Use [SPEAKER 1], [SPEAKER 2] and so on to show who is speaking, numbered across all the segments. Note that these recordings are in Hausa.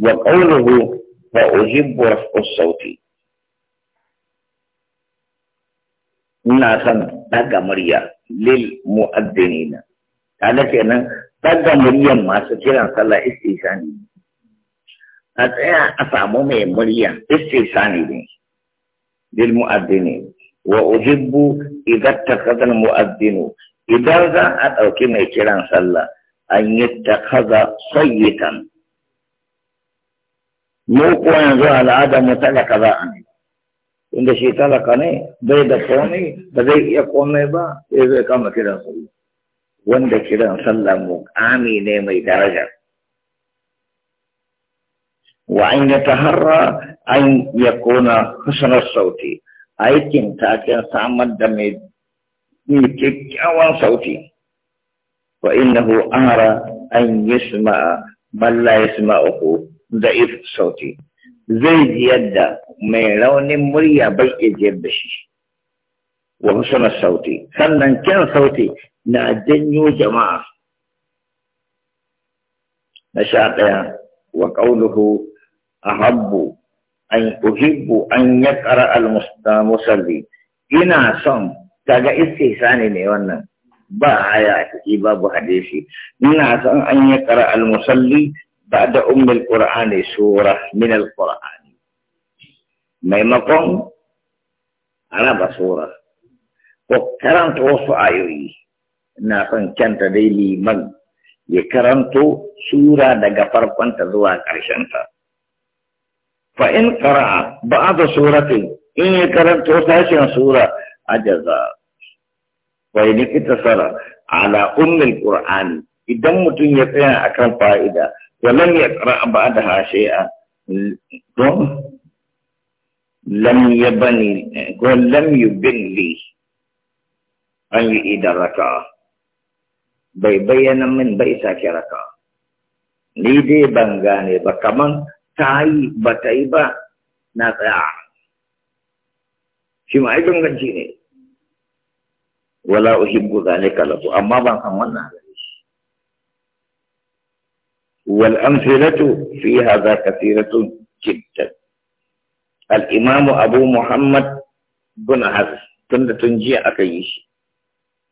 [SPEAKER 1] وقوله فأجب رفع الصوت ناسا تاغا مريا للمؤذنين هذا كان تاغا مريا ما سكرا صلى استيساني أتيا أسامو مي مريا استيساني دي للمؤذنين وأجب إذا اتخذ المؤذن إذا أتوكي مي كران صلى أن يتخذ صيتا mu kuwa yanzu al'ada mu talaka za a ne inda shi talaka ne bai da komai ba zai iya komai ba sai zai kama kiran sallah wanda kiran sallah muƙami ne mai daraja wa an ya taharra an ya kona husnar sauti aikin taken samar da mai kyakkyawan sauti wa innahu ara an yi yasma man la yasma'uhu da'if sauti zai ziyar da mai raunin murya bai iya da shi wa husna sauti sannan kyan sauti na janyo jama'a na sha ɗaya wa ƙaunuhu habbu an uhibbu an ƙara al musalli ina son kaga sani ne wannan ba haya a ciki babu hadisi ina son an ƙara al musalli بعد أم القرآن سورة al القرآن maimakon ana ko karanta wasu ayoyi na son kyanta dai liman ya karanto sura daga farkonta zuwa ƙarshenta fa in ƙara ba da suratin in ya karanto sashen sura a jaza wa yi nikita sara ala ummil qur'ani idan mutum ya tsaya akan fa'ida ولم يقرأ بعدها شيئا لم يبني ولم يبن لي أن يعيد الركعة bai bayyana min bai sake raka ni dai ban gane ba kaman ta yi ba ta yi ba na tsaya shi ma aikin ne wala uhibbu zalika lahu amma ban san wannan والأمثلة في هذا كثيرة جدا الإمام أبو محمد بن حفص تند تنجي أكيش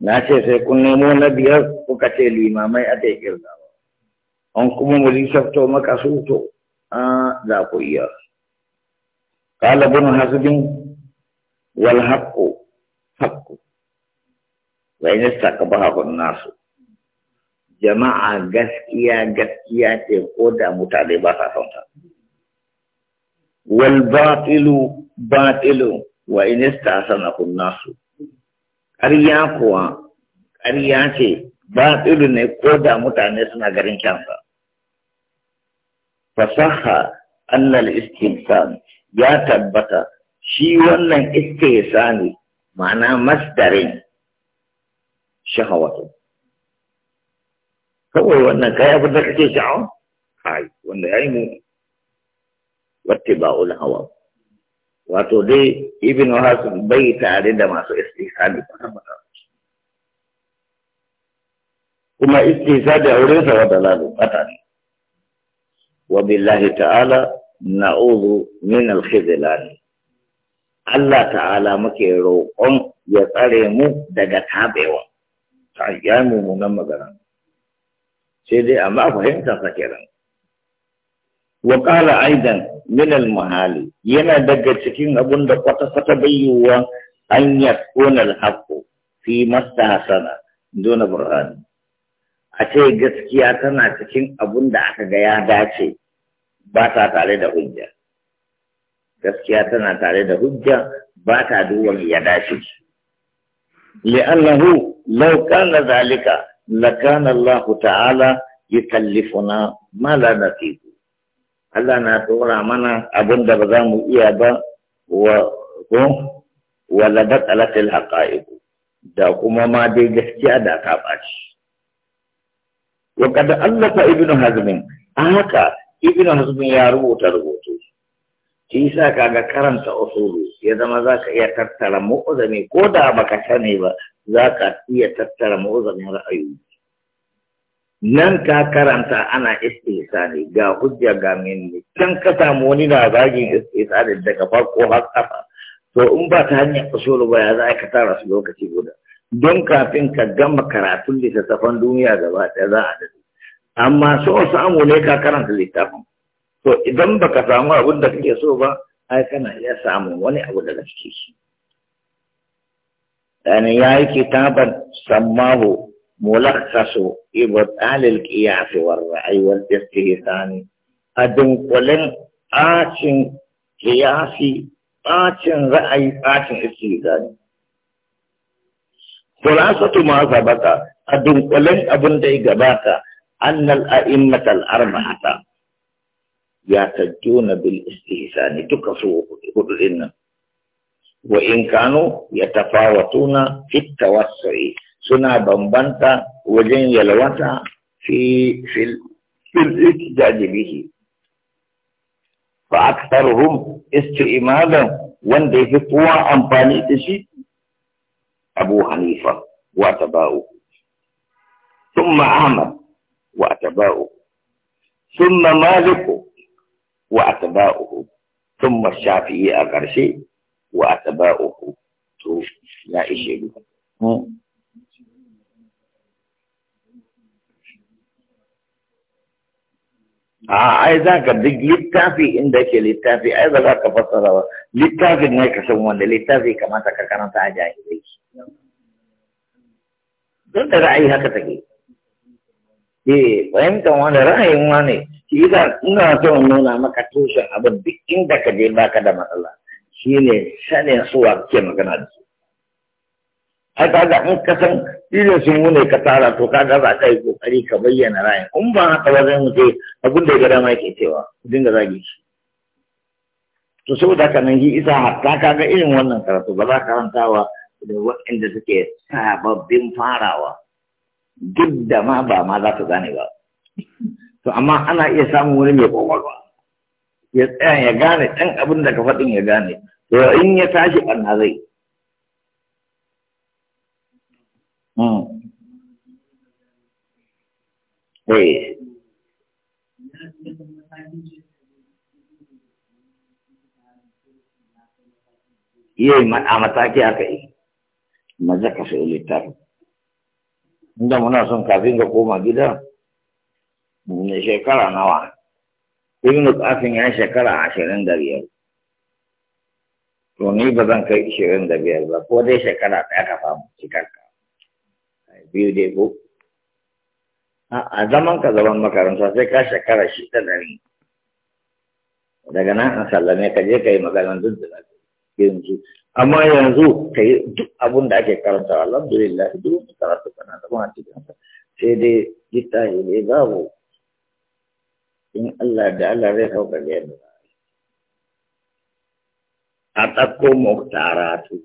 [SPEAKER 1] ناشي سيكون نمو نبيا وكتي الإمامي أتي كرد أنكم مليسف تو مكسوتو آه لا قوية قال ابن حزم والحق حق وإن استقبها الناس jama'a gaskiya gaskiya ce ko da mutane ba sa son ta wal batilu batilu wa in istasanakum nasu ƙarya kuwa ƙarya ce batilu ne ko da mutane suna garin kyansa fasaha annal istinsan ya tabbata shi wannan istihsani ma'ana masdarin shahawatu kawai wannan kai abin da kake sha'awa kai wanda yayi mu wattiba'ul hawa wato dai ibnu hasan bai tare da masu istihsani ba kuma istihsani a wurin sa wata lalu kata ne wa billahi ta'ala na'udhu min al-khizlan Allah ta'ala muke roƙon ya tsare mu daga tabewa ta mu nan magana sai dai amma fahimta sa kenan wa qala aidan min al muhali yana daga cikin abun da kwata kwata bayyuwa an kona al haqu fi mastahsana dona burhan a ce gaskiya tana cikin abun da aka ga ya dace ba ta tare da hujja gaskiya tana tare da hujja ba ta duwan ya dace annahu law kana zalika لكان الله تعالى يكلفنا ما لا نطيق Allah na tura mana abin da ba za mu iya ba wa ko wa ladat alatil haqa'iq da kuma ma dai gaskiya da ka baci wa kada Allah ta ibnu hazm haka ibnu hazm ya rubuta rubuta shi sa kaga karanta usulu ya zama za ka iya tattara mu'uzami ko da baka sani ba za ka iya tattara mu'uzamin ra'ayoyi nan ka karanta ana istisani ga hujja ga menene can ka samu wani na zagin istisani daga farko har kafa to in ba ta hanyar usulu ba ya za ka tara su lokaci guda don kafin ka gama karatun littattafan duniya gaba ɗaya za a dade amma so samu ne ka karanta littafin to idan baka samu abin da kake so ba ai kana iya samun wani abu daga ciki. shi Dani ya yi kitaban sammahu mulakhasu ibtal al-qiyas war ra'i wal istihsan adun qulan acin kiyafi acin ra'ayi acin istihsan kulasatu ma sabata adun qulan abin da ya gabata annal a'immatal arba'ata يعتدون بالاستهزان تكفوا قدرنا وإن كانوا يتفاوتون في التوسع سنا بمبنتا وجن يلوتا في في, في الاحتجاج به فأكثرهم استعمالا وندي في قوى أمباني تشي أبو حنيفة وأتباؤه ثم أحمد وأتباؤه ثم مالك atba'uhu thumma shafi'i a ƙarshe wa atba'uhu to ya ishe duka hmm. a ah, ai za ka duk littafi inda ke littafi ai ba za ka fassara ba littafi ne ka san wanda littafi kamata ka karanta a jahilai don da ra'ayi haka take eh fahimtar wani ra'ayin wani shi da ina so in nuna maka tushen abin duk inda ka je baka da matsala shi ne sanin suwa ke magana da su ai kaga in ka san irin sun wune ka tara to kaga za ka yi kokari ka bayyana ra'ayin in ba haka ba zai mutu abin da ya gada ma yake cewa dinga zagi shi to saboda haka nan shi isa hatta kaga irin wannan karatu ba za ka rantawa da waɗanda suke sababbin farawa duk da ma ba ma za ka gane ba to amma ana iya samun wani mai kwakwalwa ya tsaya ya gane ɗan abin da ka faɗin ya gane to in ya tashi ɓanna zai hmm. eh. yi a mataki aka yi maza ka sayi littafin inda muna son kafin ka koma gida mai shekara nawa ibn qasim ya shekara ashirin da biyar to ni ba zan kai ashirin da biyar ba ko dai shekara ɗaya ka cikar ka biyu dai ko a zaman ka zaman makaranta sai ka shekara shi ta dari daga nan an sallame ka je ka yi maganar duk da yanzu amma yanzu ka yi duk abin da ake karanta alhamdulillah duk wani karatu kana da ma cikin sai dai littafi ne babu in Allah da Allah zai sauka yadda za a yi. A ɗauko muktaratu